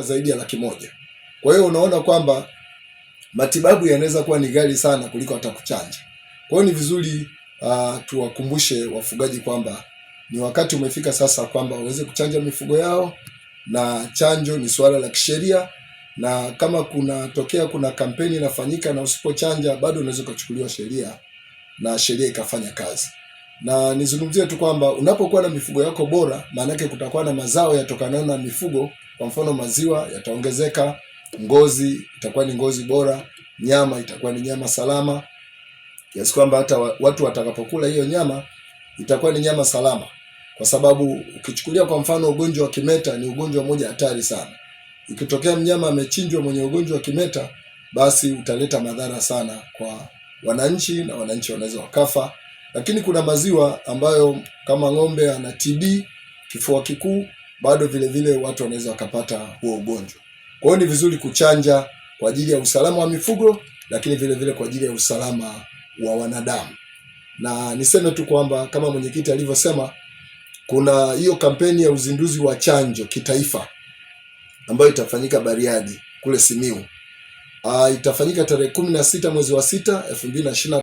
zaidi ya laki moja. Kwa hiyo unaona kwamba matibabu yanaweza kuwa ni ghali sana kuliko hata kuchanja. Kwa hiyo ni vizuri uh, tuwakumbushe wafugaji kwamba ni wakati umefika sasa kwamba waweze kuchanja mifugo yao, na chanjo ni suala la kisheria, na kama kunatokea kuna kampeni inafanyika na usipochanja bado unaweza ukachukuliwa sheria na sheria ikafanya kazi na nizungumzie tu kwamba unapokuwa na mifugo yako bora, maanake kutakuwa na mazao yatokanayo na mifugo. Kwa mfano, maziwa yataongezeka, ngozi itakuwa ni ngozi bora, nyama itakuwa ni nyama salama, kiasi kwamba hata watu watakapokula hiyo nyama itakuwa ni nyama salama, kwa sababu ukichukulia kwa mfano ugonjwa wa kimeta ni ugonjwa mmoja hatari sana. Ikitokea mnyama amechinjwa mwenye ugonjwa wa kimeta, basi utaleta madhara sana kwa wananchi, na wananchi wanaweza wakafa lakini kuna maziwa ambayo kama ng'ombe ana TB, kifua kikuu, bado vile vile watu wanaweza wakapata huo ugonjwa. Kwa hiyo ni vizuri kuchanja kwa ajili ya usalama wa mifugo, lakini vile vile kwa ajili ya usalama wa wanadamu. Na niseme tu kwamba kama mwenyekiti alivyosema, kuna hiyo kampeni ya uzinduzi wa chanjo kitaifa ambayo itafanyika Bariadi kule Simiu. Uh, ah, itafanyika tarehe kumi na sita mwezi wa sita elfu mbili na ishirini